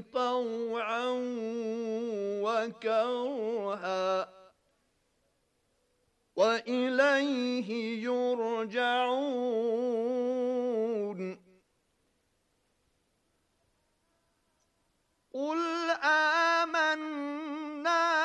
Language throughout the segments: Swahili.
طوعا وكرها وإليه يرجعون قل آمنا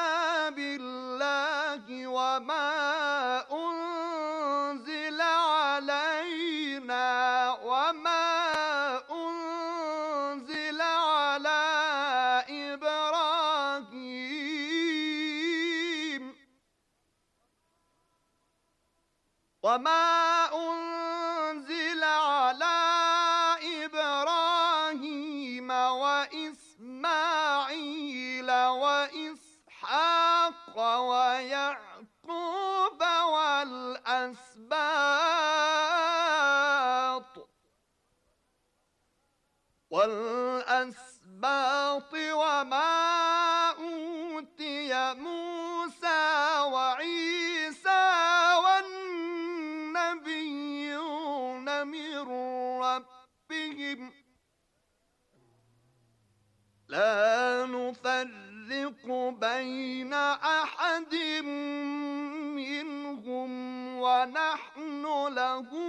لا نفرق بين أحد منهم ونحن له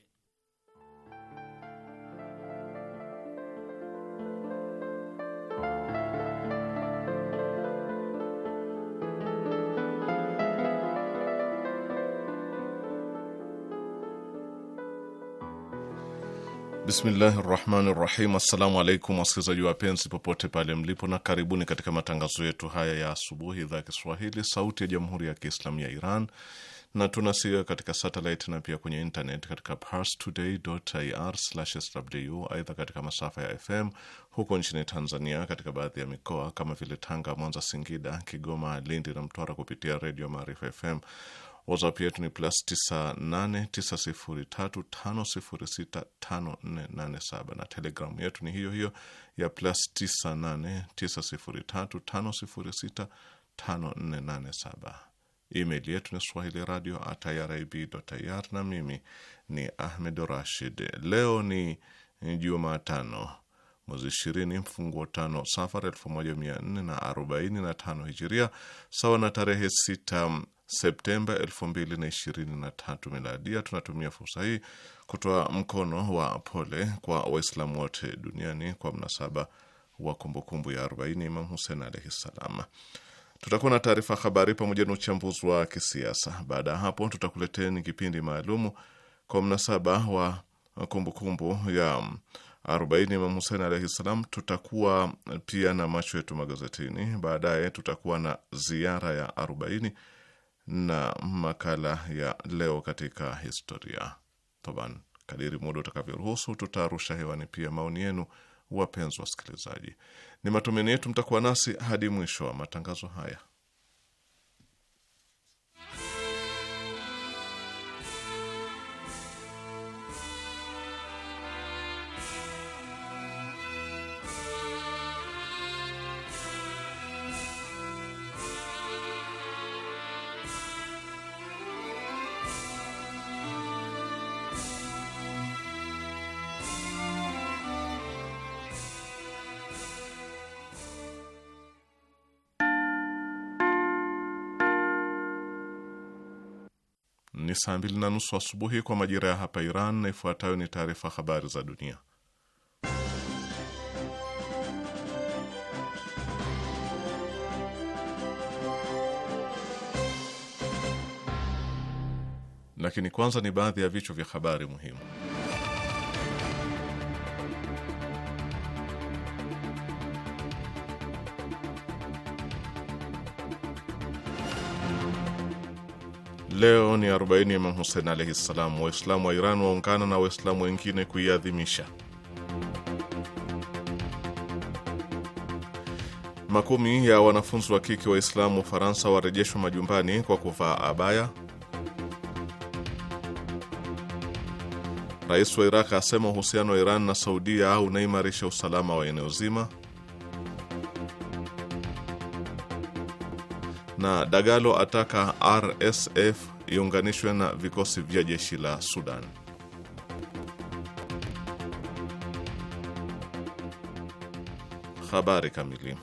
Bismillahi rahmani rahim. Assalamu alaikum wasikilizaji wapenzi popote pale mlipo, na karibuni katika matangazo yetu haya ya asubuhi, idhaa ya Kiswahili sauti ya jamhuri ya Kiislamu ya Iran, na tunasikia katika satelit na pia kwenye internet katika parstoday.ir/sw. Aidha, katika masafa ya FM huko nchini Tanzania, katika baadhi ya mikoa kama vile Tanga, Mwanza, Singida, Kigoma, Lindi na Mtwara kupitia redio Maarifa FM. WhatsApp yetu ni plus 989035065487 na telegramu yetu ni hiyo hiyo ya plus 989035065487. Email yetu ni swahili radio at irib.ir, na mimi ni Ahmed Rashid. Leo ni Jumatano mwezi ishirini mfunguo tano na 1445 hijiria sawa na tarehe sita Septemba 2023 miladia. Tunatumia fursa hii kutoa mkono wa pole kwa Waislamu wote duniani kwa mnasaba wa kumbukumbu ya 40 Imam Hussein alaihi ssalam. Tutakuwa na taarifa habari pamoja na uchambuzi wa kisiasa. Baada ya hapo, tutakuleteni kipindi maalumu kwa mnasaba wa kumbukumbu ya 40 Imam Hussein alaihi ssalam. Tutakuwa pia na macho yetu magazetini. Baadaye tutakuwa na ziara ya 40 na makala ya leo katika historia Toban. Kadiri muda utakavyoruhusu, tutarusha hewani pia maoni yenu, wapenzi wasikilizaji. Ni matumaini yetu mtakuwa nasi hadi mwisho wa matangazo haya. ni saa mbili na nusu asubuhi kwa majira ya hapa Iran, na ifuatayo ni taarifa habari za dunia. Lakini kwanza ni baadhi ya vichwa vya habari muhimu. Leo ni 40 Imam Husein alaihi ssalam. Waislamu wa Iran waungana na Waislamu wengine kuiadhimisha. Makumi ya wanafunzi wa kike Waislamu Ufaransa warejeshwa majumbani kwa kuvaa abaya. Rais wa Iraq asema uhusiano wa Iran na Saudia unaimarisha usalama wa eneo zima. na Dagalo ataka RSF iunganishwe na vikosi vya jeshi la Sudan. Habari kamili.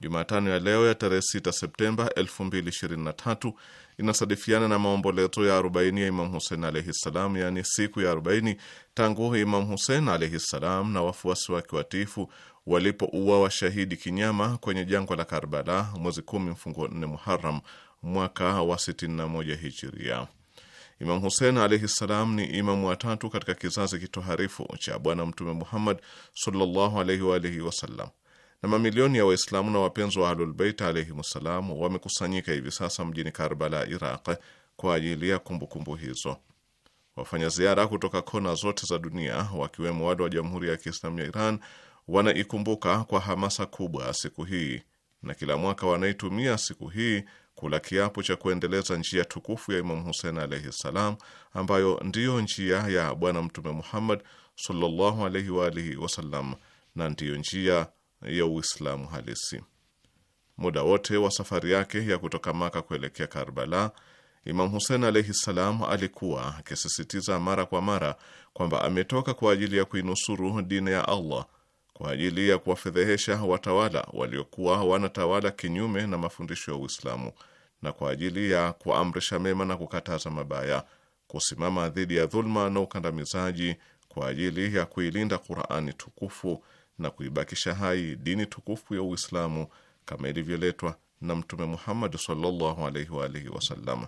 Jumatano ya leo ya tarehe 6 Septemba 2023 inasadifiana na maombolezo ya 40 ya Imam husen alaihi ssalam, yaani siku ya 40 tangu Imam husen alaihi ssalam na wafuasi wake watifu walipouawa washahidi kinyama kwenye jangwa la Karbala mwezi kumi mfungo 4 Muharam mwaka wa 61 hijiria. Imam Husein alaihi ssalam ni imamu wa tatu katika kizazi kitoharifu cha Bwana Mtume Muhammad sallallahu alaihi wa alihi wasallam, na mamilioni ya Waislamu na wapenzi wa Ahlulbeit alaihim ssalam wamekusanyika hivi sasa mjini Karbala, Iraq, kwa ajili ya kumbukumbu hizo. Wafanya ziara kutoka kona zote za dunia, wakiwemo wale wa Jamhuri ya Kiislamu ya Iran, wanaikumbuka kwa hamasa kubwa siku hii na kila mwaka wanaitumia siku hii kula kiapo cha kuendeleza njia tukufu ya Imam Husein alaihi ssalam, ambayo ndiyo njia ya Bwana Mtume Muhammad sallallahu alaihi wa alihi wasallam na ndiyo njia ya Uislamu halisi. Muda wote wa safari yake ya kutoka Maka kuelekea Karbala, Imam Husein alaihi ssalam alikuwa akisisitiza mara kwa mara kwamba ametoka kwa ajili ya kuinusuru dini ya Allah kwa ajili ya kuwafedhehesha watawala waliokuwa wanatawala kinyume na mafundisho ya Uislamu na kwa ajili ya kuamrisha mema na kukataza mabaya, kusimama dhidi ya dhulma na ukandamizaji kwa ajili ya kuilinda Qur'ani tukufu na kuibakisha hai dini tukufu ya Uislamu kama ilivyoletwa na Mtume Muhammad sallallahu alaihi wa alihi wasallam.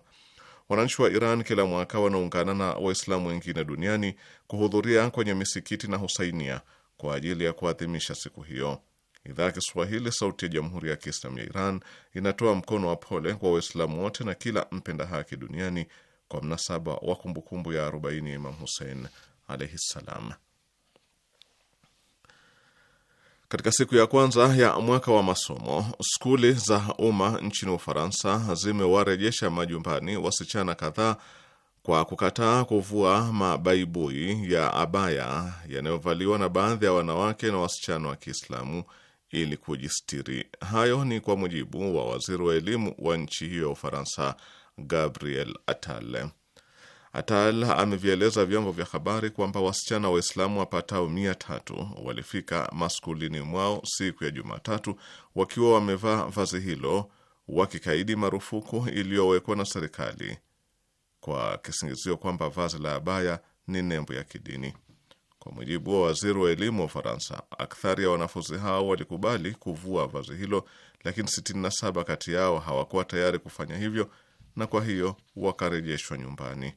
Wananchi wa Iran kila mwaka wanaungana na Waislamu wengine duniani kuhudhuria kwenye misikiti na husainia kwa ajili ya kuadhimisha siku hiyo. Idhaa ya Kiswahili sauti ya jamhuri ya Kiislamu ya Iran inatoa mkono wa pole kwa Waislamu wote na kila mpenda haki duniani kwa mnasaba wa kumbukumbu ya 40 ya Imam Husein alaihi ssalam. Katika siku ya kwanza ya mwaka wa masomo, skuli za umma nchini Ufaransa zimewarejesha majumbani wasichana kadhaa kwa kukataa kuvua mabaibui ya abaya yanayovaliwa na baadhi ya wanawake na wasichana wa Kiislamu ili kujistiri. Hayo ni kwa mujibu wa waziri wa elimu wa nchi hiyo ya Ufaransa, Gabriel Attal. Attal amevieleza vyombo vya habari kwamba wasichana Waislamu wapatao mia tatu walifika maskulini mwao siku ya Jumatatu wakiwa wamevaa vazi hilo wakikaidi marufuku iliyowekwa na serikali kwa kisingizio kwamba vazi la abaya ni nembo ya kidini. Kwa mujibu wa waziri wa elimu wa Ufaransa, akthari ya wanafunzi hao walikubali kuvua vazi hilo, lakini 67 kati yao hawakuwa tayari kufanya hivyo na kwa hiyo wakarejeshwa nyumbani.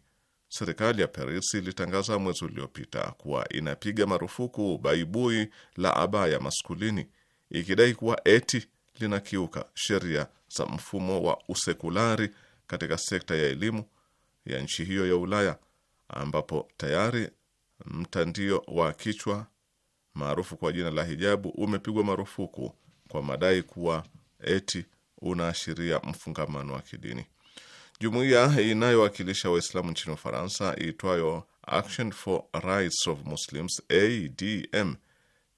Serikali ya Paris ilitangaza mwezi uliopita kuwa inapiga marufuku baibui la abaya maskulini, ikidai kuwa eti linakiuka sheria za mfumo wa usekulari katika sekta ya elimu ya nchi hiyo ya Ulaya ambapo tayari mtandio wa kichwa maarufu kwa jina la hijabu umepigwa marufuku kwa madai kuwa eti unaashiria mfungamano wa kidini. Jumuiya inayowakilisha Waislamu nchini Ufaransa iitwayo Action for Rights of Muslims ADM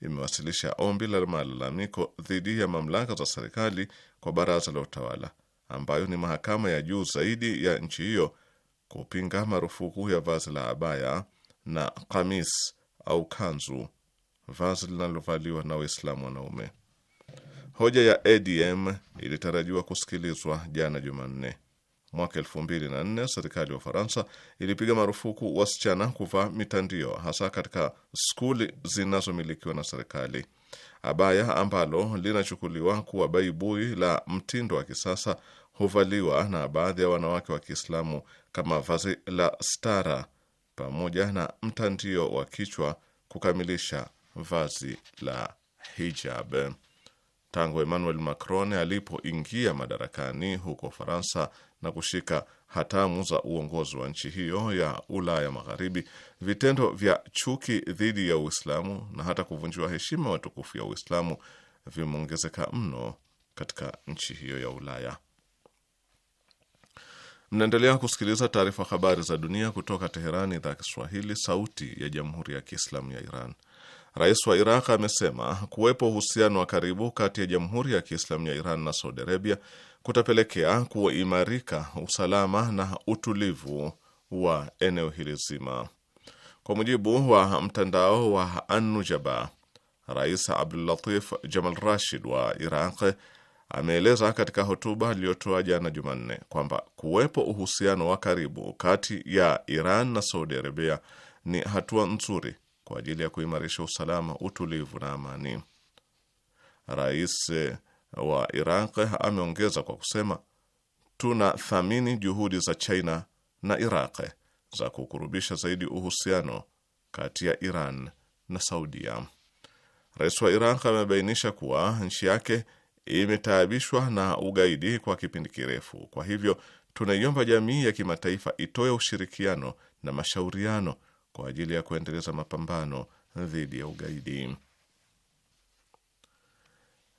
imewasilisha ombi la malalamiko dhidi ya mamlaka za serikali kwa baraza la utawala ambayo ni mahakama ya juu zaidi ya nchi hiyo kupinga marufuku ya vazi la abaya na kamis au kanzu, vazi linalovaliwa na Waislamu wanaume. Hoja ya ADM ilitarajiwa kusikilizwa jana Jumanne. Mwaka elfu mbili na nne serikali ya Ufaransa ilipiga marufuku wasichana kuvaa mitandio, hasa katika skuli zinazomilikiwa na serikali. Abaya ambalo linachukuliwa kuwa baibui la mtindo wa kisasa huvaliwa na baadhi ya wanawake wa Kiislamu kama vazi la stara pamoja na mtandio wa kichwa kukamilisha vazi la hijab. Tangu Emmanuel Macron alipoingia madarakani huko Faransa na kushika hatamu za uongozi wa nchi hiyo ya Ulaya Magharibi, vitendo vya chuki dhidi ya Uislamu na hata kuvunjiwa heshima watukufu ya Uislamu vimeongezeka mno katika nchi hiyo ya Ulaya. Mnaendelea kusikiliza taarifa habari za dunia kutoka Teherani, idhaa Kiswahili, sauti ya jamhuri ya kiislamu ya Iran. Rais wa Iraq amesema kuwepo uhusiano wa karibu kati ya jamhuri ya kiislamu ya Iran na Saudi Arabia kutapelekea kuimarika usalama na utulivu wa eneo hili zima. Kwa mujibu wa mtandao wa anujaba Rais Abdulatif Jamal Rashid wa Iraq ameeleza katika hotuba aliyotoa jana Jumanne kwamba kuwepo uhusiano wa karibu kati ya Iran na Saudi Arabia ni hatua nzuri kwa ajili ya kuimarisha usalama, utulivu na amani. Rais eh, wa Iraq ameongeza kwa kusema, tunathamini juhudi za China na Iraq za kukurubisha zaidi uhusiano kati ya Iran na Saudia. Rais wa Iraq amebainisha kuwa nchi yake imetaabishwa na ugaidi kwa kipindi kirefu. Kwa hivyo, tunaiomba jamii ya kimataifa itoe ushirikiano na mashauriano kwa ajili ya kuendeleza mapambano dhidi ya ugaidi.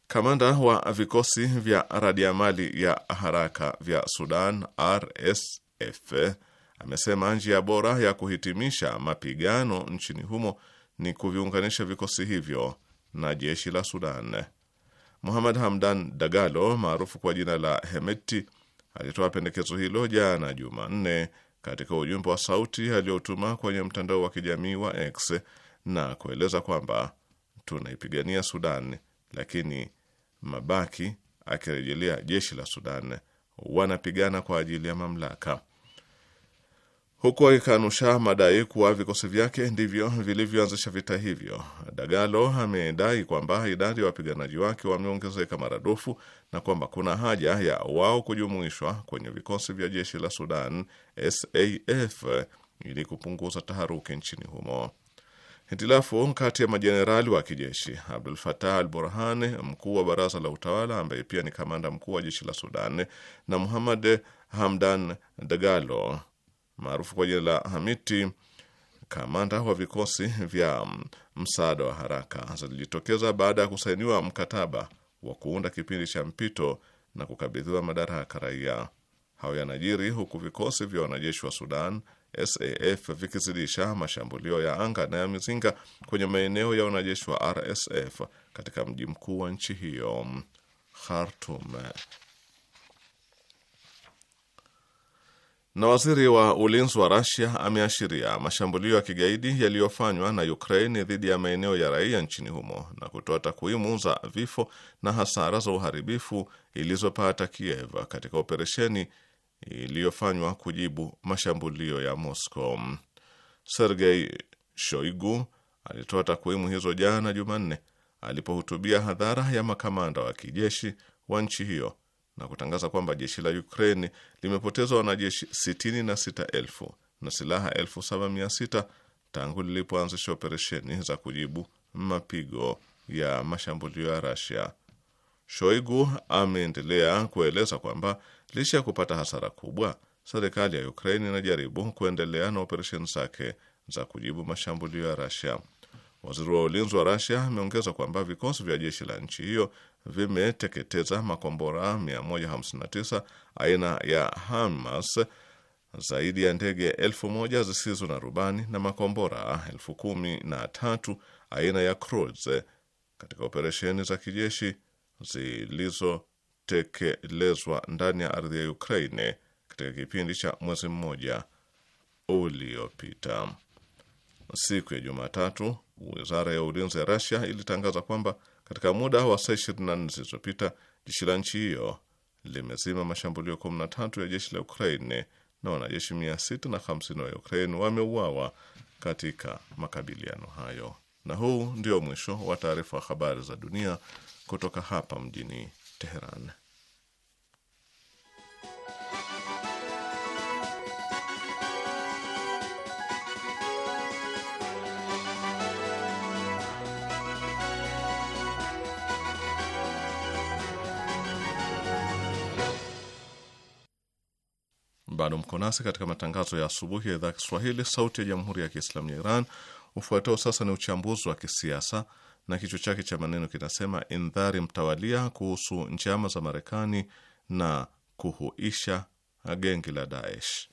Kamanda wa vikosi vya radiamali ya haraka vya Sudan RSF amesema njia bora ya kuhitimisha mapigano nchini humo ni kuviunganisha vikosi hivyo na jeshi la Sudan. Muhammad Hamdan Dagalo maarufu kwa jina la Hemeti alitoa pendekezo hilo jana Jumanne katika ujumbe wa sauti aliotuma kwenye mtandao wa kijamii wa X na kueleza kwamba tunaipigania Sudan, lakini mabaki, akirejelea jeshi la Sudan, wanapigana kwa ajili ya mamlaka huku akikanusha madai kuwa vikosi vyake ndivyo vilivyoanzisha vita hivyo. Dagalo amedai kwamba idadi ya wapiganaji wake wameongezeka maradufu na kwamba kuna haja ya wao kujumuishwa kwenye vikosi vya jeshi la Sudan SAF ili kupunguza taharuki nchini humo. Hitilafu kati ya majenerali wa kijeshi Abdul Fatah al Burhan, mkuu wa baraza la utawala ambaye pia ni kamanda mkuu wa jeshi la Sudan, na Muhammad Hamdan Dagalo maarufu kwa jina la Hamiti, kamanda wa vikosi vya msaada wa haraka, zilijitokeza baada ya kusainiwa mkataba wa kuunda kipindi cha mpito na kukabidhiwa madaraka raia. Hayo yanajiri huku vikosi vya wanajeshi wa Sudan SAF vikizidisha mashambulio ya anga na ya mizinga kwenye maeneo ya wanajeshi wa RSF katika mji mkuu wa nchi hiyo Khartoum. Na waziri wa ulinzi wa Rasia ameashiria mashambulio ya kigaidi yaliyofanywa na Ukraini dhidi ya maeneo ya raia nchini humo na kutoa takwimu za vifo na hasara za uharibifu ilizopata Kiev katika operesheni iliyofanywa kujibu mashambulio ya Moscow. Sergei Shoigu alitoa takwimu hizo jana Jumanne alipohutubia hadhara ya makamanda wa kijeshi wa nchi hiyo na kutangaza kwamba jeshi la Ukraine limepoteza wanajeshi 66 na na silaha 76 tangu lilipoanzisha operesheni za kujibu mapigo ya mashambulio ya Rasia. Shoigu ameendelea kueleza kwamba licha ya kupata hasara kubwa, serikali ya Ukraine inajaribu kuendelea na operesheni zake za kujibu mashambulio ya Rasia. Waziri wa ulinzi wa Rasia ameongeza kwamba vikosi vya jeshi la nchi hiyo vimeteketeza makombora 159 aina ya HIMARS, zaidi ya ndege elfu moja zisizo na rubani na makombora elfu kumi na tatu aina ya Cruise katika operesheni za kijeshi zilizotekelezwa ndani ya ardhi ya Ukraine katika kipindi cha mwezi mmoja uliopita. Siku ya Jumatatu, wizara ya ulinzi ya Russia ilitangaza kwamba katika muda wa saa 24 zilizopita jeshi la nchi hiyo limezima mashambulio 13 ya jeshi la Ukraine na wanajeshi 650 wa Ukraine wameuawa katika makabiliano hayo. Na huu ndio mwisho wa taarifa wa habari za dunia kutoka hapa mjini Teheran. bado mko nasi katika matangazo ya asubuhi ya idhaa Kiswahili sauti ya jamhuri ya kiislamu ya Iran. Ufuatao sasa ni uchambuzi wa kisiasa na kichwa chake cha maneno kinasema indhari mtawalia kuhusu njama za Marekani na kuhuisha gengi la Daesh.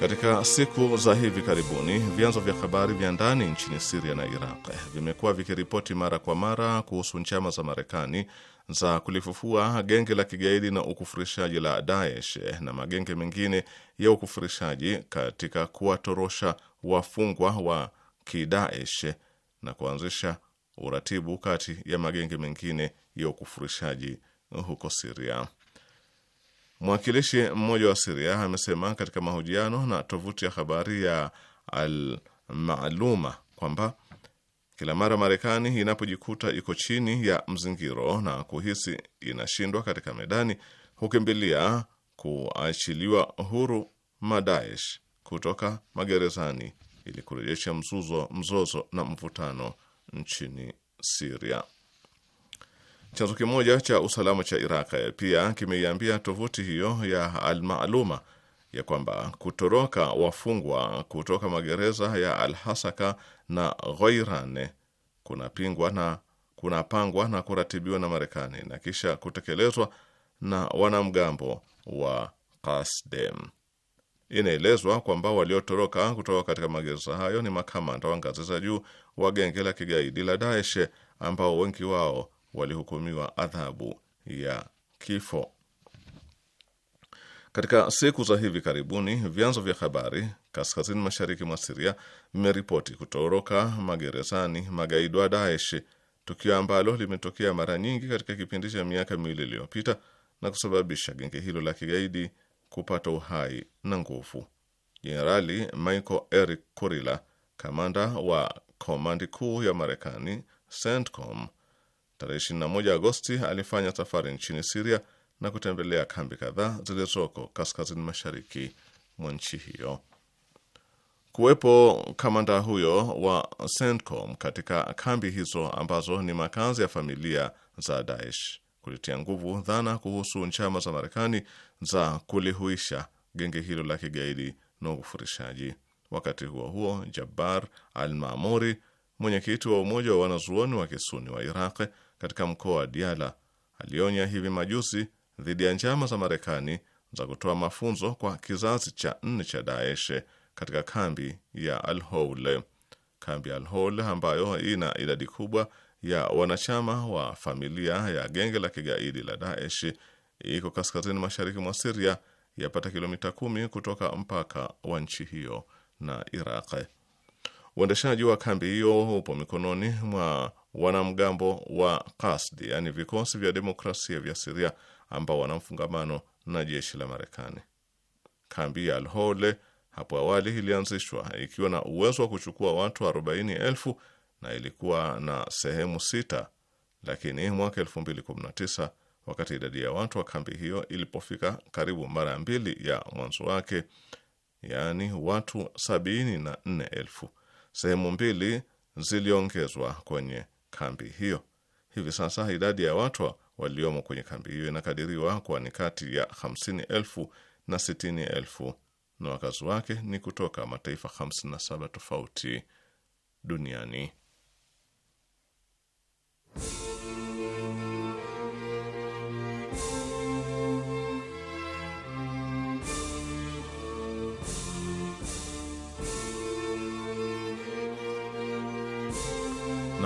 Katika siku za hivi karibuni vyanzo vya habari vya ndani nchini Siria na Iraq vimekuwa vikiripoti mara kwa mara kuhusu njama za Marekani za kulifufua genge la kigaidi na ukufurishaji la Daesh na magenge mengine ya ukufurishaji katika kuwatorosha wafungwa wa kidaesh na kuanzisha uratibu kati ya magenge mengine ya ukufurishaji huko Siria. Mwakilishi mmoja wa Siria amesema katika mahojiano na tovuti ya habari ya almaluma kwamba kila mara Marekani inapojikuta iko chini ya mzingiro na kuhisi inashindwa katika medani, hukimbilia kuachiliwa huru Madaesh kutoka magerezani ili kurejesha mzozo na mvutano nchini Siria. Chanzo kimoja cha usalama cha Iraq eh, pia kimeiambia tovuti hiyo ya Almaluma ya kwamba kutoroka wafungwa kutoka magereza ya Alhasaka na Ghoirane eh, kunapingwa na kunapangwa na kuratibiwa na Marekani na kisha kutekelezwa na wanamgambo wa Kasdem. Inaelezwa kwamba waliotoroka kutoka katika magereza hayo ni makamanda wa ngazi za juu wa genge la kigaidi la Daesh eh, ambao wengi wao walihukumiwa adhabu ya kifo. Katika siku za hivi karibuni, vyanzo vya habari kaskazini mashariki mwa Siria vimeripoti kutoroka magerezani magaidi wa Daesh, tukio ambalo limetokea mara nyingi katika kipindi cha miaka miwili iliyopita na kusababisha genge hilo la kigaidi kupata uhai na nguvu. Jenerali Michael Eric Kurila, kamanda wa komandi kuu ya Marekani CENTCOM, Tarehe 21 Agosti alifanya safari nchini Siria na kutembelea kambi kadhaa zilizoko kaskazini mashariki mwa nchi hiyo. Kuwepo kamanda huyo wa CENTCOM katika kambi hizo ambazo ni makazi ya familia za Daesh kulitia nguvu dhana kuhusu njama za Marekani za kulihuisha genge hilo la kigaidi na ukufurishaji. Wakati huo huo, Jabbar al-Mamuri, mwenyekiti wa umoja wa wanazuoni wa kisuni wa Iraq, katika mkoa wa Diala alionya hivi majuzi dhidi ya njama za Marekani za kutoa mafunzo kwa kizazi cha nne cha Daesh katika kambi ya Al-Hol. Kambi ya Al-Hol ambayo ina idadi kubwa ya wanachama wa familia ya genge la kigaidi la Daesh iko kaskazini mashariki mwa Siria, yapata kilomita kumi kutoka mpaka wa nchi hiyo na Iraq. Uendeshaji wa kambi hiyo upo mikononi mwa wanamgambo wa Kasdi, yaani vikosi vya demokrasia vya Siria ambao wana mfungamano na jeshi la Marekani. Kambi ya Alhole hapo awali ilianzishwa ikiwa na uwezo wa kuchukua watu arobaini elfu na ilikuwa na sehemu sita, lakini mwaka 2019 wakati idadi ya watu wa kambi hiyo ilipofika karibu mara mbili ya mwanzo wake, yaani watu sabini na nne elfu, sehemu mbili ziliongezwa kwenye kambi hiyo. Hivi sasa idadi ya watu waliomo kwenye kambi hiyo inakadiriwa kuwa ni kati ya hamsini na sitini na wakazi wake ni kutoka mataifa 57 tofauti duniani.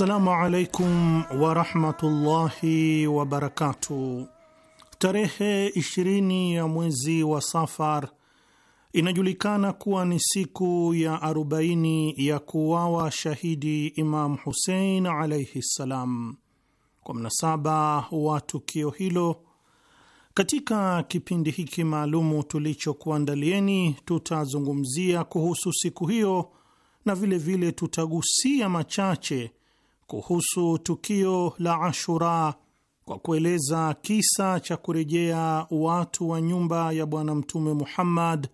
Assalamu alaikum warahmatullahi wabarakatuh. Tarehe 20 ya mwezi wa Safar inajulikana kuwa ni siku ya 40 ya kuwawa shahidi Imam Husein alaihi ssalam. Kwa mnasaba wa tukio hilo, katika kipindi hiki maalumu tulichokuandalieni, tutazungumzia kuhusu siku hiyo na vilevile vile tutagusia machache kuhusu tukio la Ashura kwa kueleza kisa cha kurejea watu wa nyumba ya Bwana Mtume Muhammad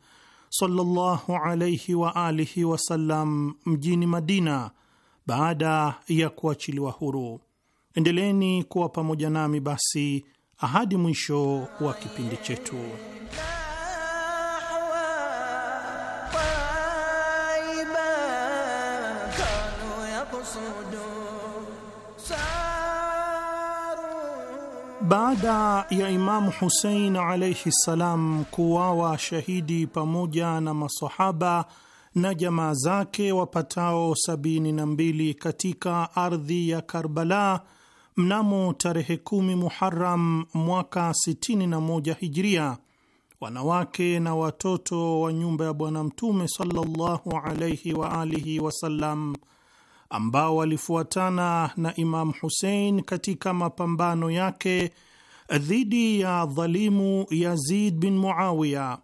sallallahu alayhi wa alihi wasallam mjini Madina baada ya kuachiliwa huru. Endeleeni kuwa pamoja nami basi ahadi mwisho wa kipindi chetu. Baada ya Imamu Husein alaihi ssalam kuwawa shahidi pamoja na masahaba na jamaa zake wapatao sabini na mbili katika ardhi ya Karbala mnamo tarehe kumi Muharam mwaka sitini na moja Hijria, wanawake na watoto wa nyumba ya Bwana Mtume sallallahu alaihi waalihi wasallam ambao walifuatana na Imam husein katika mapambano yake dhidi ya dhalimu Yazid bin Muawiya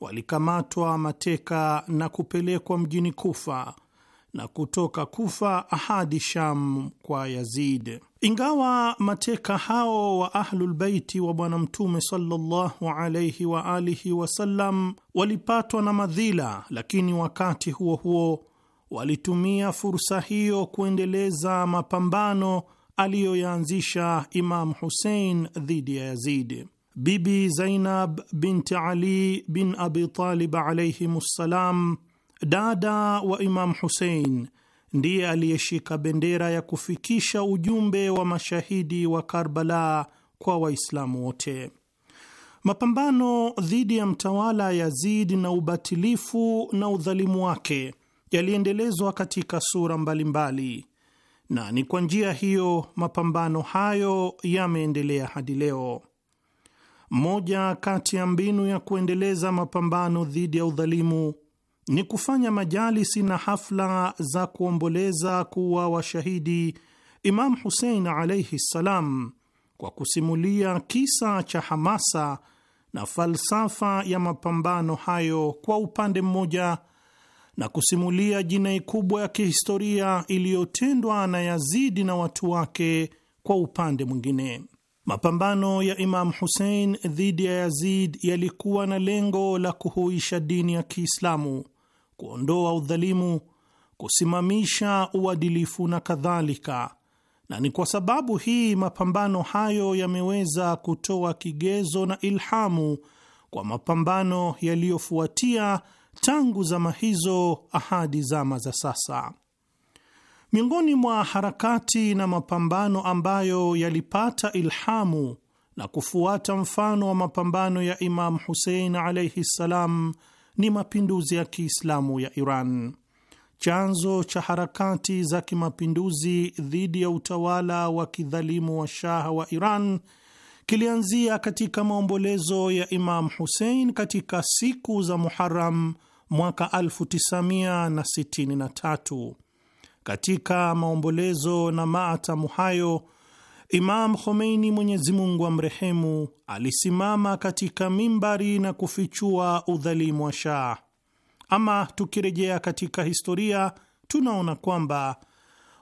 walikamatwa mateka na kupelekwa mjini Kufa na kutoka Kufa hadi Sham kwa Yazid. Ingawa mateka hao wa Ahlulbeiti wa Bwana Mtume sallallahu alaihi wa alihi wasallam walipatwa na madhila, lakini wakati huo huo walitumia fursa hiyo kuendeleza mapambano aliyoyaanzisha Imam Husein dhidi ya Yazidi. Bibi Zainab bint Ali bin Abi Talib alayhim ssalam, dada wa Imam Husein, ndiye aliyeshika bendera ya kufikisha ujumbe wa mashahidi wa Karbala kwa Waislamu wote. Mapambano dhidi ya mtawala Yazid na ubatilifu na udhalimu wake yaliendelezwa katika sura mbalimbali, na ni kwa njia hiyo mapambano hayo yameendelea hadi leo. Moja kati ya mbinu ya kuendeleza mapambano dhidi ya udhalimu ni kufanya majalisi na hafla za kuomboleza kuwa washahidi Imam Husein alaihi ssalam, kwa kusimulia kisa cha hamasa na falsafa ya mapambano hayo kwa upande mmoja na kusimulia jinai kubwa ya kihistoria iliyotendwa na Yazidi na watu wake. Kwa upande mwingine, mapambano ya Imam husein dhidi ya Yazid yalikuwa na lengo la kuhuisha dini ya Kiislamu, kuondoa udhalimu, kusimamisha uadilifu na kadhalika, na ni kwa sababu hii mapambano hayo yameweza kutoa kigezo na ilhamu kwa mapambano yaliyofuatia tangu zama hizo ahadi zama za sasa. Miongoni mwa harakati na mapambano ambayo yalipata ilhamu na kufuata mfano wa mapambano ya Imamu Husein alaihi ssalam ni mapinduzi ya Kiislamu ya Iran. Chanzo cha harakati za kimapinduzi dhidi ya utawala wa kidhalimu wa shaha wa Iran kilianzia katika maombolezo ya Imam Husein katika siku za Muharam mwaka 1963. Katika maombolezo na maatamu hayo Imam Khomeini, Mwenyezi Mungu amrehemu, alisimama katika mimbari na kufichua udhalimu wa Shah. Ama tukirejea katika historia, tunaona kwamba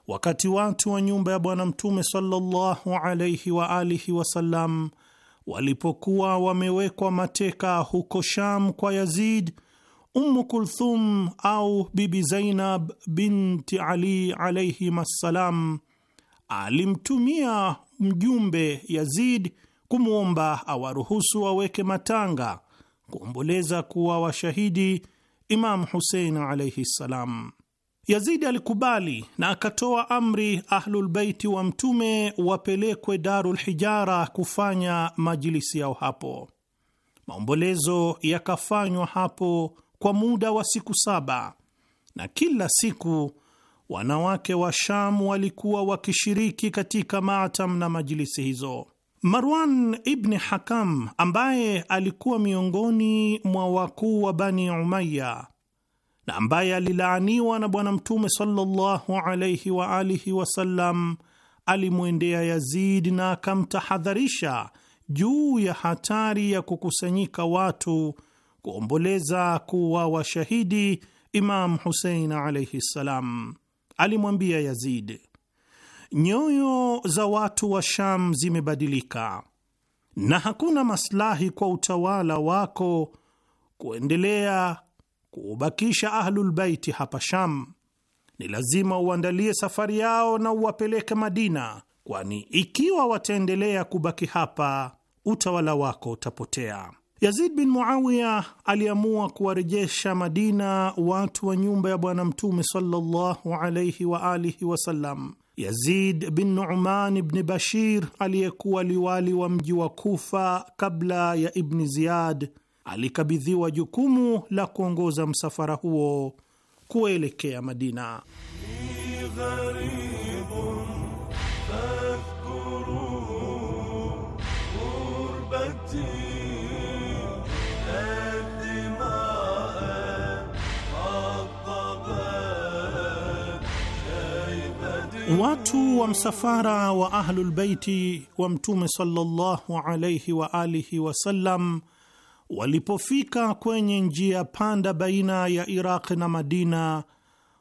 wakati watu wa nyumba ya Bwana Mtume sallallahu alaihi wa alihi wasallam walipokuwa wamewekwa mateka huko Sham kwa Yazid, Ummu Kulthum au Bibi Zainab binti Ali alayhim assalam alimtumia mjumbe Yazid kumwomba awaruhusu waweke matanga kuomboleza kuwa washahidi Imam Husein alayhi ssalam. Yazidi alikubali na akatoa amri Ahlulbeiti wa Mtume wapelekwe Darul Hijara kufanya majilisi yao hapo. Maombolezo yakafanywa hapo kwa muda wa siku saba, na kila siku wanawake wa Sham walikuwa wakishiriki katika maatam na majilisi hizo. Marwan ibni Hakam ambaye alikuwa miongoni mwa wakuu wa Bani Umaya na ambaye alilaaniwa na Bwana Mtume sallallahu wa alihi wasallam alimwendea Yazid na akamtahadharisha juu ya hatari ya kukusanyika watu kuomboleza kuwa washahidi Imam Husein alaihi ssalam, alimwambia Yazid, nyoyo za watu wa Sham zimebadilika na hakuna maslahi kwa utawala wako kuendelea kuubakisha Ahlulbaiti hapa Sham. Ni lazima uandalie safari yao na uwapeleke Madina, kwani ikiwa wataendelea kubaki hapa, utawala wako utapotea. Yazid bin Muawiya aliamua kuwarejesha Madina watu wa nyumba ya Bwana Mtume sallallahu wa alihi wasallam. Yazid bin Numan bni Bashir aliyekuwa liwali wa mji wa Kufa kabla ya Ibni Ziyad alikabidhiwa jukumu la kuongoza msafara huo kuelekea Madina. Watu wa msafara wa Ahlulbeiti wa Mtume sallallahu alaihi wa alihi wasallam walipofika kwenye njia panda baina ya Iraq na Madina,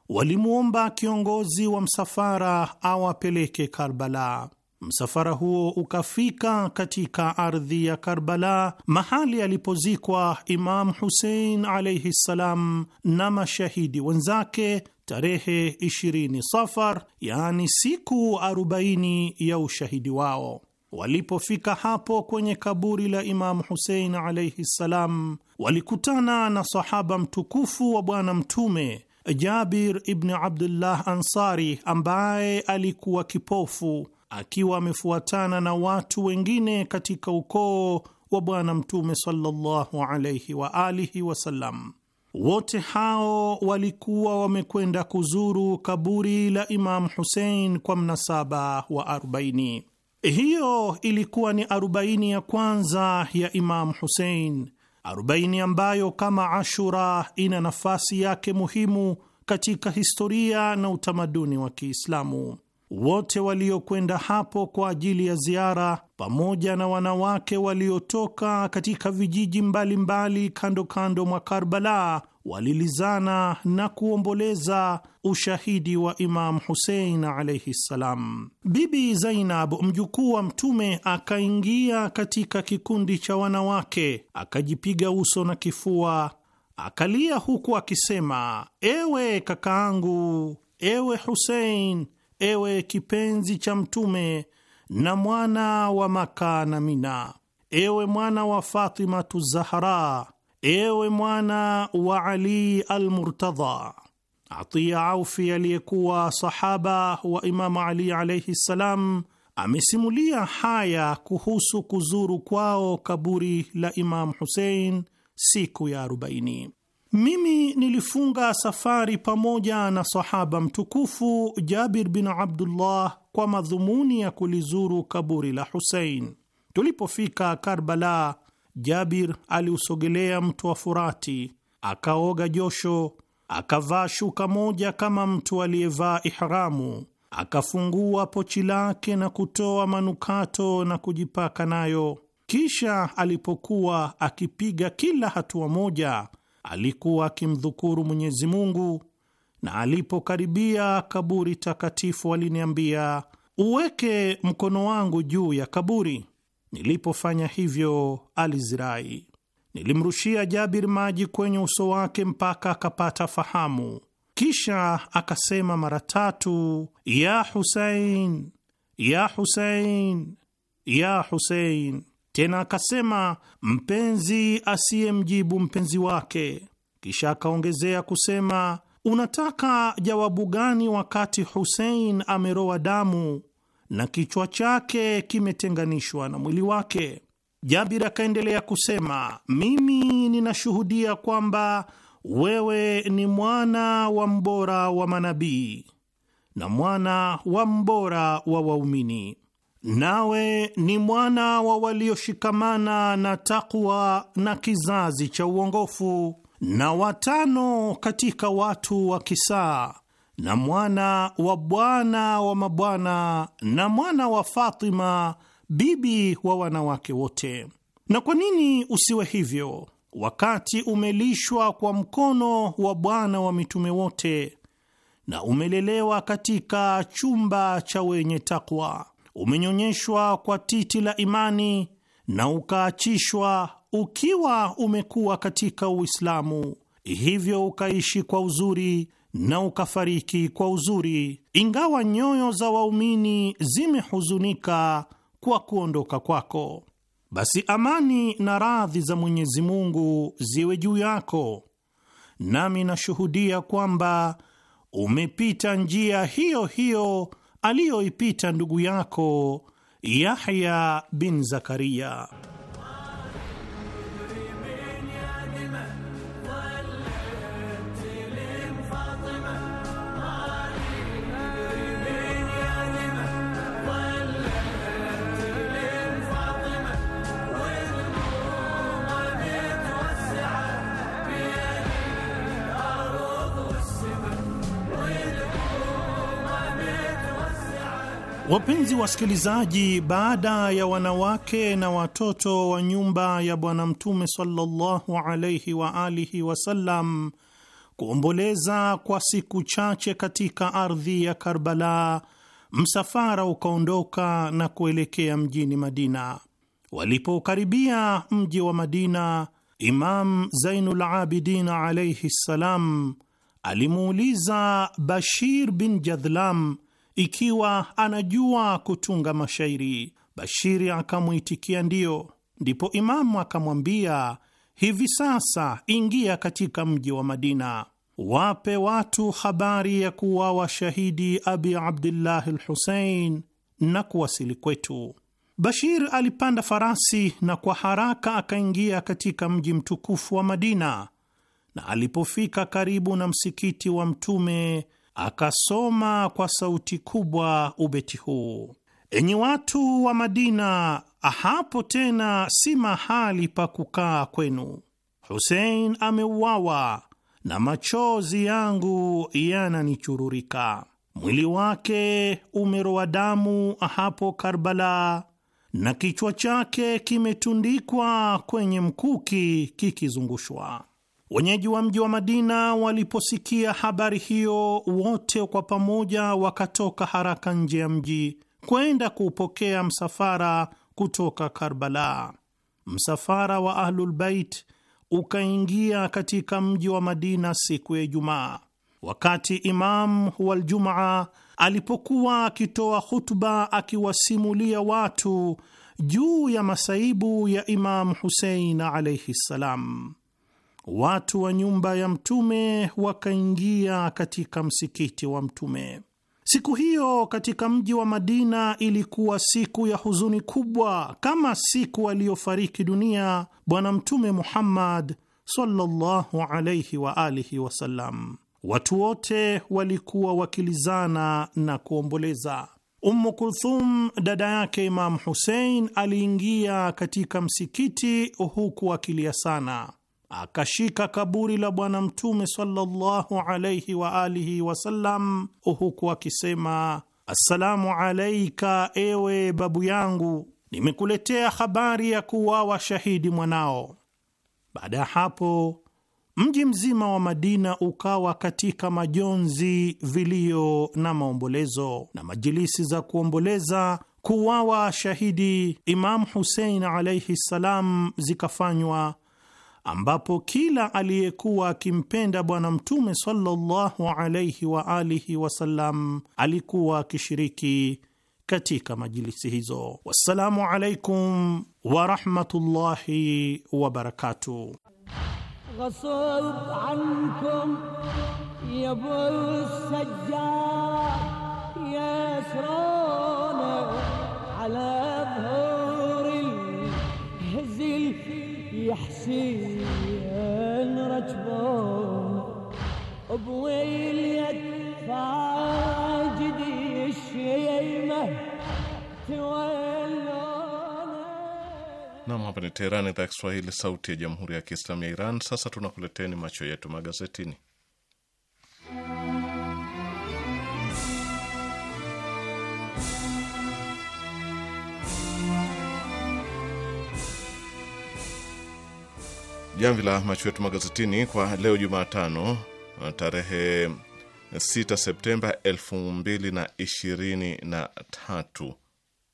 walimwomba kiongozi wa msafara awapeleke Karbala. Msafara huo ukafika katika ardhi ya Karbala, mahali alipozikwa Imam Husein alaihi ssalam na mashahidi wenzake tarehe 20 Safar, yaani siku 40 ya ushahidi wao. Walipofika hapo kwenye kaburi la Imamu Husein alaihi ssalam, walikutana na sahaba mtukufu wa Bwana Mtume Jabir ibni Abdullah Ansari ambaye alikuwa kipofu akiwa amefuatana na watu wengine katika ukoo wa Bwana Mtume sallallahu alaihi wa alihi wasallam. Wote hao walikuwa wamekwenda kuzuru kaburi la Imamu Husein kwa mnasaba wa arobaini. Hiyo ilikuwa ni arobaini ya kwanza ya Imamu Husein, arobaini ambayo kama Ashura ina nafasi yake muhimu katika historia na utamaduni wa Kiislamu wote waliokwenda hapo kwa ajili ya ziara pamoja na wanawake waliotoka katika vijiji mbalimbali mbali kando kando mwa Karbala walilizana na kuomboleza ushahidi wa Imam Husein alaihi ssalam. Bibi Zainab, mjukuu wa Mtume, akaingia katika kikundi cha wanawake, akajipiga uso na kifua, akalia huku akisema, ewe kakaangu, ewe Husein, ewe kipenzi cha Mtume na mwana wa Maka na Mina, ewe mwana wa Fatimatu Zahra, ewe mwana wa Ali Almurtadha. Atiya Aufi aliyekuwa sahaba wa Imamu Ali alaihi ssalam amesimulia haya kuhusu kuzuru kwao kaburi la Imamu Husein siku ya arobaini. Mimi nilifunga safari pamoja na sahaba mtukufu Jabir bin Abdullah kwa madhumuni ya kulizuru kaburi la Husein. Tulipofika Karbala, Jabir aliusogelea mto wa Furati, akaoga josho, akavaa shuka moja kama mtu aliyevaa ihramu, akafungua pochi lake na kutoa manukato na kujipaka nayo. Kisha alipokuwa akipiga kila hatua moja alikuwa akimdhukuru Mwenyezi Mungu, na alipokaribia kaburi takatifu aliniambia, uweke mkono wangu juu ya kaburi. Nilipofanya hivyo, alizirai. Nilimrushia Jabir maji kwenye uso wake mpaka akapata fahamu, kisha akasema mara tatu, ya Husein, ya Husein, ya Husein. Tena akasema mpenzi asiyemjibu mpenzi wake. Kisha akaongezea kusema, unataka jawabu gani wakati Husein ameroa damu na kichwa chake kimetenganishwa na mwili wake? Jabir akaendelea kusema, mimi ninashuhudia kwamba wewe ni mwana wa mbora wa manabii na mwana wa mbora wa waumini nawe ni mwana wa walioshikamana na takwa na kizazi cha uongofu, na watano katika watu wa Kisaa, na mwana wa bwana wa mabwana, na mwana wa Fatima, bibi wa wanawake wote. Na kwa nini usiwe hivyo, wakati umelishwa kwa mkono wa Bwana wa mitume wote na umelelewa katika chumba cha wenye takwa? umenyonyeshwa kwa titi la imani na ukaachishwa ukiwa umekuwa katika Uislamu, hivyo ukaishi kwa uzuri na ukafariki kwa uzuri, ingawa nyoyo za waumini zimehuzunika kwa kuondoka kwako. Basi amani na radhi za Mwenyezi Mungu ziwe juu yako, nami nashuhudia kwamba umepita njia hiyo hiyo aliyoipita ndugu yako Yahya bin Zakaria. Wapenzi wasikilizaji, baada ya wanawake na watoto wa nyumba ya Bwana Mtume sallallahu alaihi wa alihi wasallam kuomboleza kwa siku chache katika ardhi ya Karbala, msafara ukaondoka na kuelekea mjini Madina. Walipokaribia mji wa Madina, Imam Zainul Abidin alaihi ssalam alimuuliza Bashir bin Jadhlam ikiwa anajua kutunga mashairi. Bashiri akamwitikia ndiyo. Ndipo Imamu akamwambia, hivi sasa ingia katika mji wa Madina, wape watu habari ya kuuawa shahidi Abi Abdillahi Lhusein husein na kuwasili kwetu. Bashir alipanda farasi na kwa haraka akaingia katika mji mtukufu wa Madina, na alipofika karibu na msikiti wa Mtume akasoma kwa sauti kubwa ubeti huu: enyi watu wa Madina, hapo tena si mahali pa kukaa kwenu. Husein ameuawa na machozi yangu yananichururika. Mwili wake umeroa damu hapo Karbala, na kichwa chake kimetundikwa kwenye mkuki kikizungushwa. Wenyeji wa mji wa Madina waliposikia habari hiyo, wote kwa pamoja wakatoka haraka nje ya mji kwenda kuupokea msafara kutoka Karbala. Msafara wa Ahlulbeit ukaingia katika mji wa Madina siku ya Ijumaa. Wakati Imam waljumaa alipokuwa akitoa hutuba akiwasimulia watu juu ya masaibu ya Imam Husein alaihi ssalam watu wa nyumba ya Mtume wakaingia katika msikiti wa Mtume. Siku hiyo katika mji wa Madina ilikuwa siku ya huzuni kubwa, kama siku aliyofariki dunia Bwana Mtume Muhammad sallallahu alayhi wa alihi wasallam. Watu wote walikuwa wakilizana na kuomboleza. Ummu Kulthum, dada yake Imamu Husein, aliingia katika msikiti huku akilia sana akashika kaburi la Bwana Mtume sallallahu alaihi wa alihi wasallam, huku akisema assalamu alaika, ewe babu yangu, nimekuletea habari ya kuwawa shahidi mwanao. Baada ya hapo mji mzima wa Madina ukawa katika majonzi, vilio na maombolezo, na majilisi za kuomboleza kuwawa shahidi Imamu Husein alaihi ssalam zikafanywa ambapo kila aliyekuwa akimpenda Bwana Mtume sallallahu alaihi wa alihi wasallam alikuwa akishiriki katika majilisi hizo. Wassalamu alaikum warahmatullahi wabarakatuh. حسين رجبون بويل يد فاجدي الشيمة Nam, hapa ni Teherani, idhaa ya Kiswahili, sauti ya jamhuri ya kiislamu ya Iran. Sasa tunakuleteni macho yetu magazetini. Jamvi la macho yetu magazetini kwa leo Jumatano tarehe 6 Septemba 2023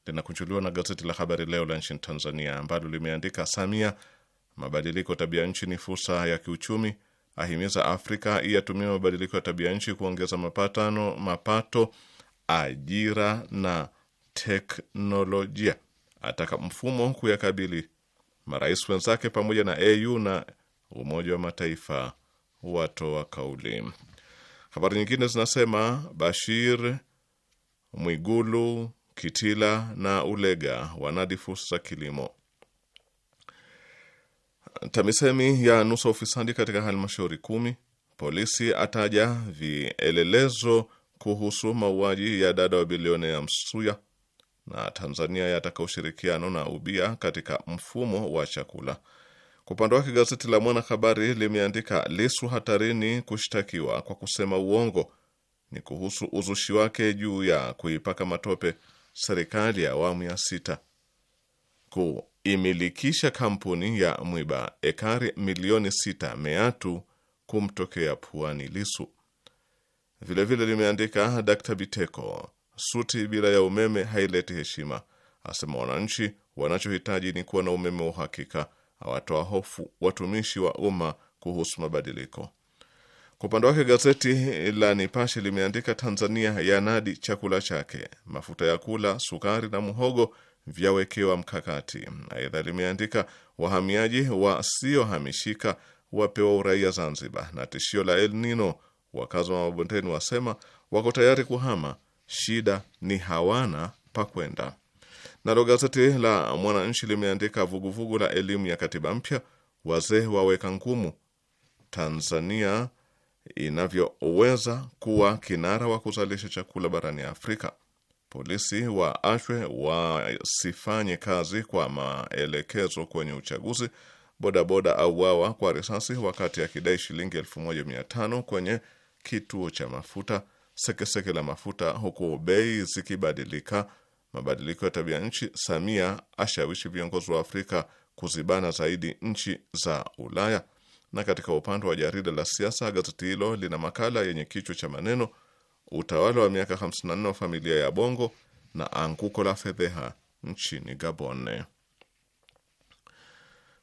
linakunjuliwa na gazeti la Habari Leo la nchini Tanzania ambalo limeandika Samia, mabadiliko ya tabia nchi ni fursa ya kiuchumi, ahimiza Afrika iyatumia mabadiliko ya tabia nchi kuongeza mapatano, mapato, ajira na teknolojia, ataka mfumo kuyakabili marais wenzake pamoja na AU na Umoja wa Mataifa watoa wa kauli. Habari nyingine zinasema Bashir, Mwigulu, Kitila na Ulega wanadi fursa za kilimo. TAMISEMI ya nusa ufisadi katika halmashauri kumi. Polisi ataja vielelezo kuhusu mauaji ya dada wa bilionea Msuya na Tanzania yataka ushirikiano na ubia katika mfumo wa chakula. Kwa upande wake gazeti la Mwanahabari limeandika Lisu hatarini kushtakiwa kwa kusema uongo, ni kuhusu uzushi wake juu ya kuipaka matope serikali ya awamu ya sita, kuimilikisha kampuni ya mwiba ekari milioni sita Meatu kumtokea puani Lisu. Vilevile vile limeandika Dkt Biteko suti bila ya umeme haileti heshima. Asema wananchi wanachohitaji ni kuwa na umeme wa uhakika. Hawatoa hofu watumishi wa umma kuhusu mabadiliko. Kwa upande wake gazeti la Nipashe limeandika Tanzania yanadi chakula chake, mafuta ya kula, sukari na muhogo vyawekewa mkakati. Aidha limeandika wahamiaji wasiohamishika wapewa uraia Zanzibar, na tishio la El Nino wakazi wa mabondeni wasema wako tayari kuhama shida ni hawana pa kwenda. Nalo gazeti la Mwananchi limeandika vuguvugu la elimu ya katiba mpya, wazee waweka ngumu, Tanzania inavyoweza kuwa kinara wa kuzalisha chakula barani Afrika. Polisi wa ashwe wasifanye kazi kwa maelekezo kwenye uchaguzi. Bodaboda auawa kwa risasi wakati akidai shilingi elfu moja mia tano kwenye kituo cha mafuta sekeseke la mafuta huku bei zikibadilika, mabadiliko ya tabia nchi, Samia ashawishi viongozi wa Afrika kuzibana zaidi nchi za Ulaya. Na katika upande wa jarida la siasa, gazeti hilo lina makala yenye kichwa cha maneno utawala wa miaka 54 wa familia ya Bongo na anguko la fedheha nchini Gabon.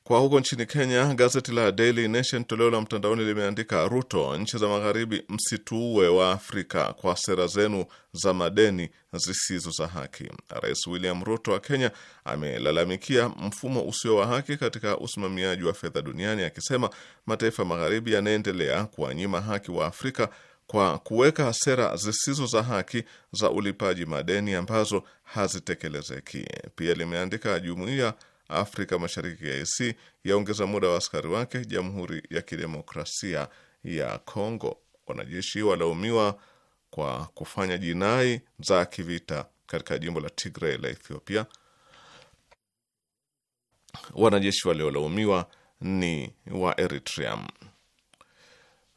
Kwa huko nchini Kenya, gazeti la Daily Nation toleo la mtandaoni limeandika Ruto, nchi za magharibi msituue wa Afrika kwa sera zenu za madeni zisizo za haki. Rais William Ruto wa Kenya amelalamikia mfumo usio wa haki katika usimamiaji wa fedha duniani akisema mataifa magharibi yanaendelea kuwanyima haki wa Afrika kwa kuweka sera zisizo za haki za ulipaji madeni ambazo hazitekelezeki. Pia limeandika jumuiya Afrika Mashariki ya EAC yaongeza muda wa askari wake Jamhuri ya Kidemokrasia ya Kongo. Wanajeshi walaumiwa kwa kufanya jinai za kivita katika jimbo la Tigray la Ethiopia. Wanajeshi waliolaumiwa ni wa Eritrea.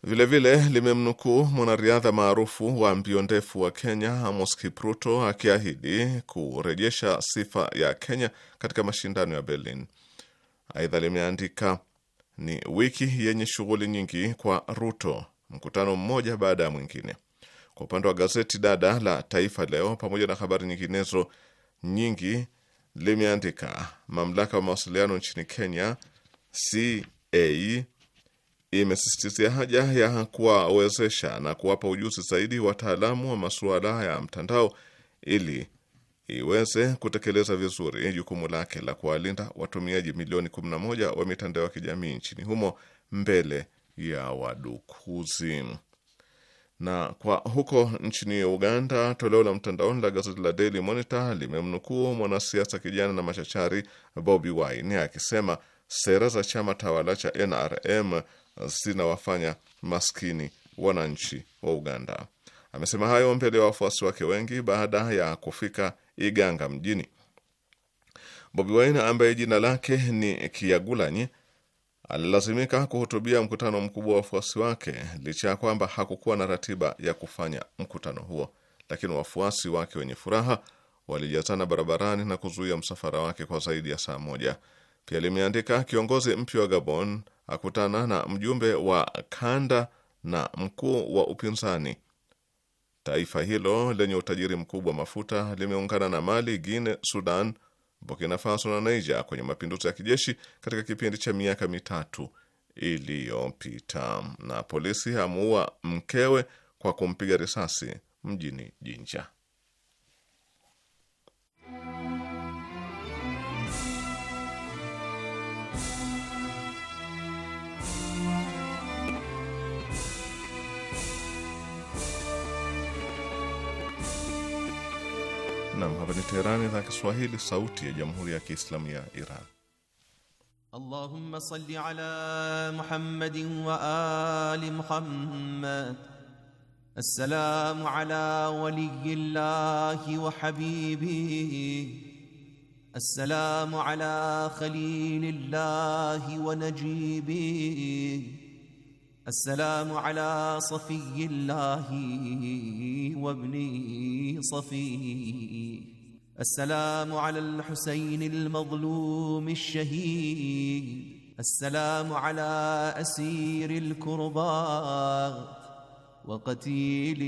Vilevile limemnukuu mwanariadha maarufu wa mbio ndefu wa Kenya Amos Kipruto akiahidi kurejesha sifa ya Kenya katika mashindano ya Berlin. Aidha limeandika ni wiki yenye shughuli nyingi kwa Ruto, mkutano mmoja baada ya mwingine. Kwa upande wa gazeti dada la Taifa Leo, pamoja na habari nyinginezo nyingi, limeandika mamlaka ya mawasiliano nchini Kenya CA imesisitizia haja ya kuwawezesha na kuwapa ujuzi zaidi wataalamu wa masuala ya mtandao ili iweze kutekeleza vizuri jukumu lake la kuwalinda watumiaji milioni 11 wa mitandao ya kijamii nchini humo mbele ya wadukuzi. Na kwa huko nchini Uganda, toleo la mtandaoni la gazeti la Daily Monitor limemnukuu mwanasiasa kijana na machachari Bobi Wine akisema sera za chama tawala cha NRM zinawafanya maskini wananchi wa Uganda. Amesema hayo mbele ya wafuasi wake wengi baada ya kufika Iganga mjini. Bobi Wine ambaye jina lake ni Kiagulanyi alilazimika kuhutubia mkutano mkubwa wa wafuasi wake licha ya kwamba hakukuwa na ratiba ya kufanya mkutano huo, lakini wafuasi wake wenye furaha walijazana barabarani na kuzuia msafara wake kwa zaidi ya saa moja. Pia limeandika kiongozi mpya wa Gabon akutana na mjumbe wa kanda na mkuu wa upinzani. Taifa hilo lenye utajiri mkubwa wa mafuta limeungana na Mali, Guine, Sudan, Burkina Faso na Niger kwenye mapinduzi ya kijeshi katika kipindi cha miaka mitatu iliyopita. Na polisi amuua mkewe kwa kumpiga risasi mjini Jinja. Nam, hapa ni Teherani, idhaa Kiswahili, sauti ya jamhuri ya kiislamu ya Iran. Allahumma salli ala Muhammadin wa ali Muhammad. Assalamu ala waliyillahi wa habibihi. Assalamu ala khalilillahi wa najibihi السلام على صفي الله وابني صفيه السلام على الحسين المظلوم الشهيد السلام على أسير الكربات وقتيل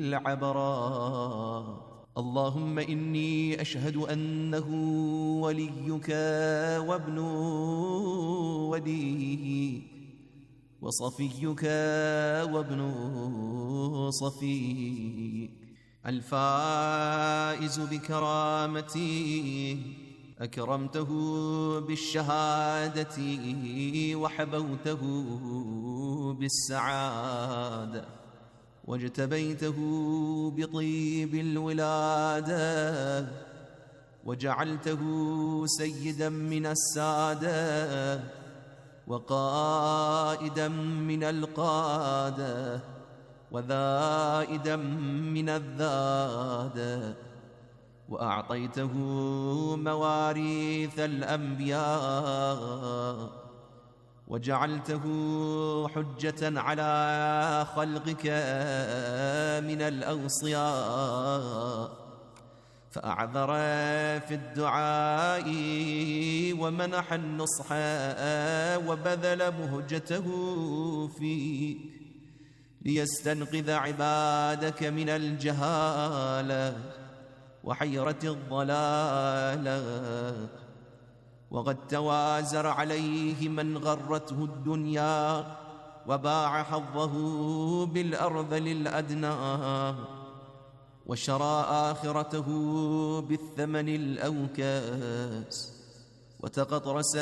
العبرات اللهم إني أشهد أنه وليك وابن وليه وصفيك وابن صفيك الفائز بكرامتي أكرمته بالشهادة وحبوته بالسعادة واجتبيته بطيب الولادة وجعلته سيدا من الساده وقائدا من القادة وذائدا من الذادة وأعطيته مواريث الأنبياء وجعلته حجة على خلقك من الأوصياء فأعذر في الدعاء ومنح النصح وبذل مهجته فيك ليستنقذ عبادك من الجهالة وحيرة الضلالة وقد توازر عليه من غرته الدنيا وباع حظه بالأرض للأدنى وشرى آخرته بالثمن الأوكاس وتغطرس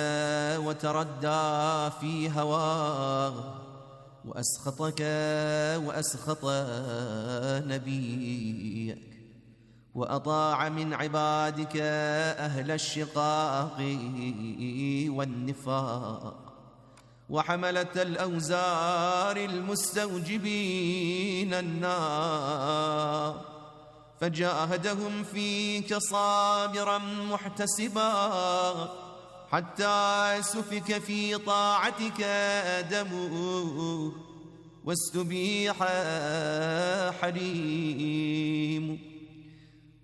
وتردى في هواه وأسخطك وأسخط نبيك وأطاع من عبادك أهل الشقاق والنفاق وحملة الأوزار المستوجبين النار فجاهدهم فيك صابرا محتسبا حتى سفك في طاعتك دمه واستبيح حريم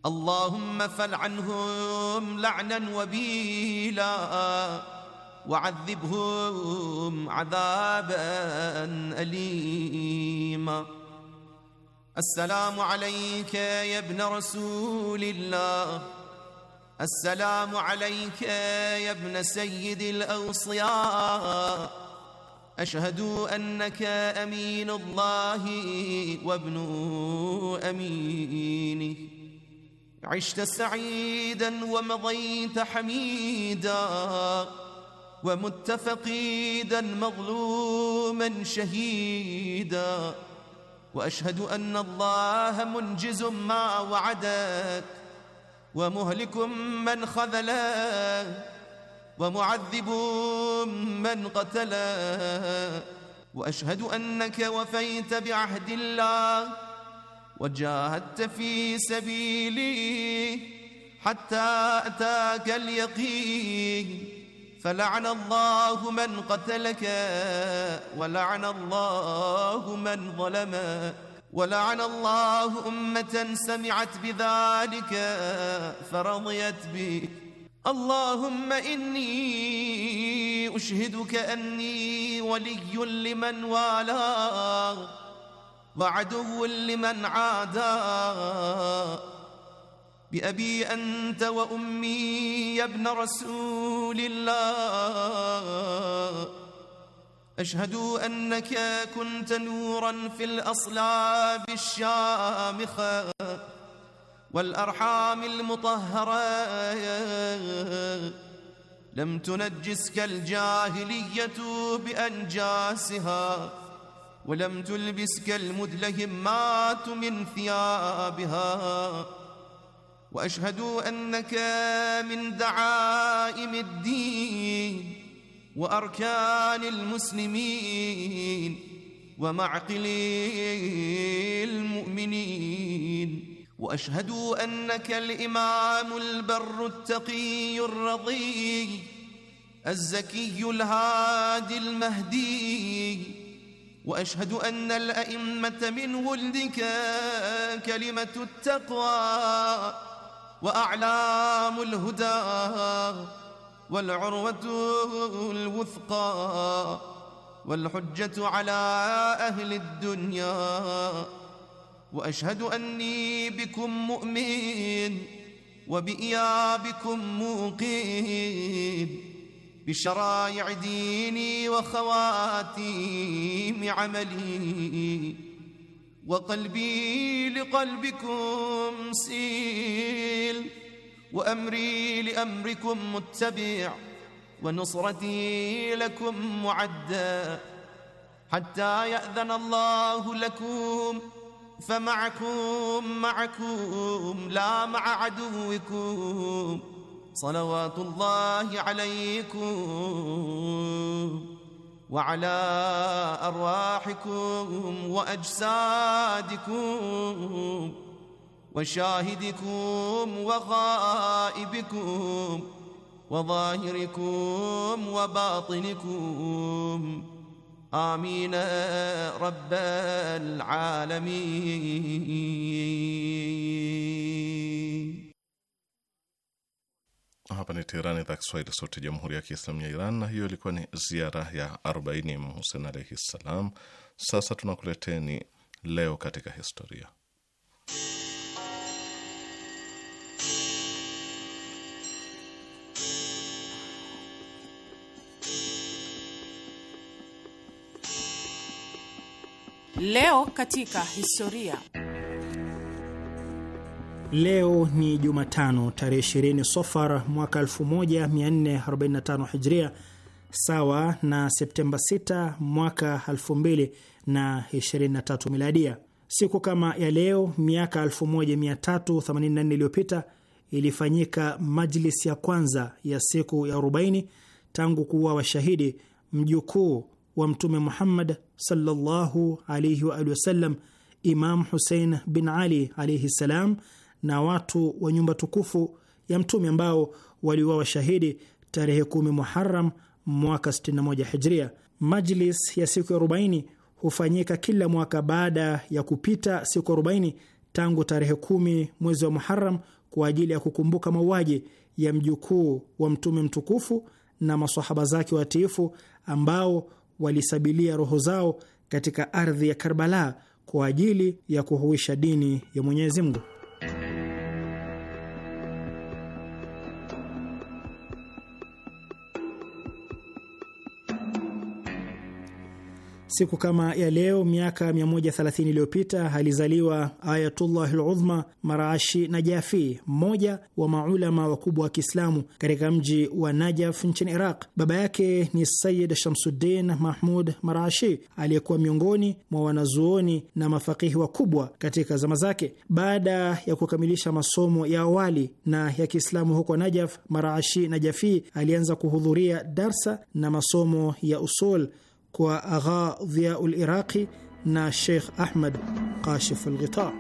اللهم فل عنهم لعنا وبيلا وعذبهم عذابا أليما السلام عليك يا ابن رسول الله السلام عليك يا ابن سيد الأوصياء أشهد أنك أمين الله وابن أمينه عشت سعيدا ومضيت حميدا ومت فقيدا مظلوما شهيدا واشهد ان الله منجز ما وعدك ومهلك من خذله ومعذب من قتله واشهد انك وفيت بعهد الله وجاهدت في سبيلي حتى اتاك اليقين فلعن الله من قتلك ولعن الله من ظلمك ولعن الله أمة سمعت بذلك فرضيت به اللهم إني أشهدك أني ولي لمن والاه وعدو لمن عاداه بأبي أنت وأمي يا ابن رسول الله أشهد أنك كنت نورا في الأصلاب الشامخة والأرحام المطهرة لم تنجسك الجاهلية بأنجاسها ولم تلبسك المدلهمات من ثيابها واشهد انك من دعائم الدين واركان المسلمين ومعقل المؤمنين واشهد انك الامام البر التقي الرضي الزكي الهادي المهدي واشهد ان الائمه من ولدك كلمه التقوى واعلام الهدى والعروه الوثقى والحجه على اهل الدنيا واشهد اني بكم مؤمن وبايابكم موقن بشرائع ديني وخواتيم عملي وقلبي لقلبكم سيل وأمري لأمركم متبع ونصرتي لكم معدى حتى يأذن الله لكم فمعكم معكم لا مع عدوكم صلوات الله عليكم وعلى أرواحكم وأجسادكم وشاهدكم وغائبكم وظاهركم وباطنكم آمين رب العالمين Hapa ni Teherani, idhaa Kiswahili, sauti ya jamhuri ya kiislamu ya Iran. Na hiyo ilikuwa ni ziara ya 40 Imam Husen alaihi ssalam. Sasa tunakuleteni leo katika historia. Leo katika historia Leo ni Jumatano tarehe 20 Sofar mwaka 1445 Hijria, sawa na Septemba 6 mwaka 2023 Miladia. Siku kama ya leo miaka 1384 iliyopita ilifanyika majlis ya kwanza ya siku ya 40 tangu kuwa washahidi mjukuu wa Mtume Muhammad sallallahu alaihi wa alihi wasallam, Imam Husein bin Ali alaihi ssalam na watu wa nyumba tukufu ya Mtume ambao waliuawa washahidi tarehe kumi muharam mwaka 61 Hijria. Majlis ya siku 40 hufanyika kila mwaka baada ya kupita siku 40 tangu tarehe kumi mwezi wa muharam kwa ajili ya kukumbuka mauaji ya mjukuu wa Mtume mtukufu na masahaba zake watiifu ambao walisabilia roho zao katika ardhi ya Karbala kwa ajili ya kuhuisha dini ya Mwenyezi Mungu. Siku kama ya leo miaka 130 iliyopita alizaliwa Ayatullah Ludhma Marashi Najafi, mmoja wa maulama wakubwa wa Kiislamu katika mji wa Najaf nchini Iraq. Baba yake ni Sayid Shamsuddin Mahmud Marashi aliyekuwa miongoni mwa wanazuoni na mafakihi wakubwa katika zama zake. Baada ya kukamilisha masomo ya awali na ya Kiislamu huko Najaf, Marashi Najafi alianza kuhudhuria darsa na masomo ya usul kwa Agha Dhiaul Iraqi na Sheikh Ahmad Kashif Alghita.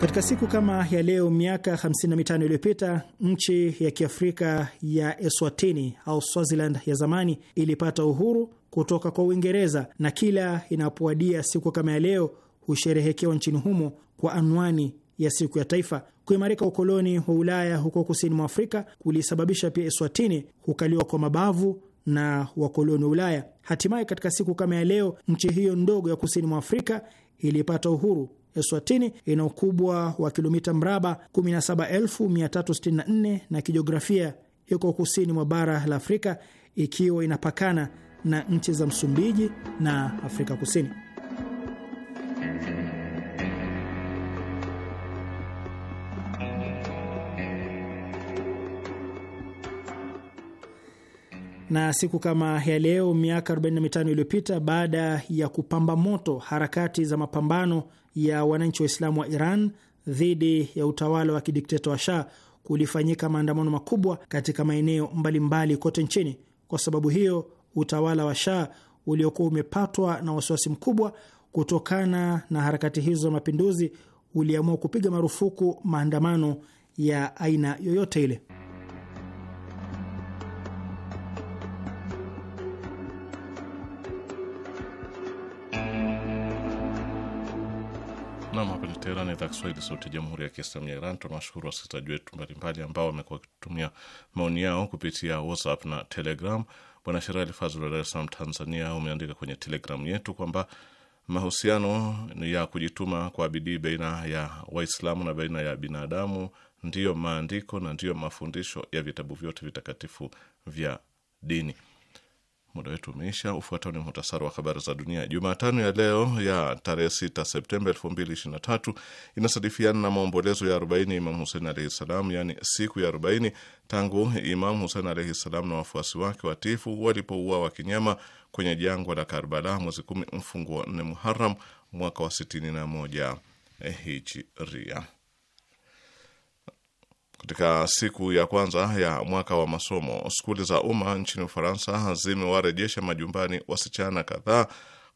Katika siku kama ya leo miaka 55 iliyopita nchi ya Kiafrika ya Eswatini au Swaziland ya zamani ilipata uhuru kutoka kwa Uingereza, na kila inapoadia siku kama ya leo husherehekewa nchini humo kwa anwani ya siku ya taifa. Kuimarika ukoloni wa Ulaya huko kusini mwa Afrika kulisababisha pia Eswatini hukaliwa kwa mabavu na wakoloni wa Ulaya. Hatimaye katika siku kama ya leo, nchi hiyo ndogo ya kusini mwa Afrika ilipata uhuru. Eswatini ina ukubwa wa kilomita mraba 17364 na kijiografia iko kusini mwa bara la Afrika, ikiwa inapakana na nchi za Msumbiji na Afrika Kusini. na siku kama ya leo miaka 45 iliyopita, baada ya kupamba moto harakati za mapambano ya wananchi Waislamu wa Iran dhidi ya utawala wa kidikteta wa Shah, kulifanyika maandamano makubwa katika maeneo mbalimbali kote nchini. Kwa sababu hiyo, utawala wa Shah uliokuwa umepatwa na wasiwasi mkubwa kutokana na harakati hizo za mapinduzi uliamua kupiga marufuku maandamano ya aina yoyote ile. Teherani, idhaa Kiswahili, sauti ya jamhuri ya kiislamu ya Iran. Tunawashukuru wasikilizaji wetu mbalimbali ambao wamekuwa wakitumia maoni yao kupitia WhatsApp na Telegram. Bwana Sherali Fazl wa Dar es Salaam, Tanzania, umeandika kwenye Telegram yetu kwamba mahusiano ya kujituma kwa bidii baina ya Waislamu na baina ya binadamu ndiyo maandiko na ndiyo mafundisho ya vitabu vyote vitakatifu vya dini. Muda wetu umeisha. Ufuatao ni muhtasari wa habari za dunia. Jumatano ya leo ya tarehe 6 Septemba 2023 inasadifiana na maombolezo ya 40 Imam Husein alaihi salam, yaani siku ya 40 tangu Imam Husein alaihi salam na wafuasi wake watifu walipouawa kinyama kwenye jangwa la Karbala mwezi kumi wa nne Muharam mwaka wa 61 hijiria. Katika siku ya kwanza ya mwaka wa masomo, skuli za umma nchini Ufaransa zimewarejesha majumbani wasichana kadhaa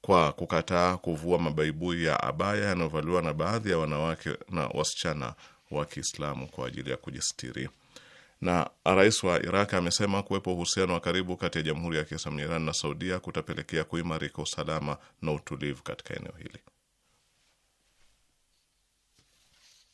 kwa kukataa kuvua mabaibui ya abaya yanayovaliwa na baadhi ya wanawake na wasichana wa Kiislamu kwa ajili ya kujistiri. Na rais wa Iraq amesema kuwepo uhusiano wa karibu kati ya Jamhuri ya Kiislamu ya Iran na Saudia kutapelekea kuimarika usalama na utulivu katika eneo hili.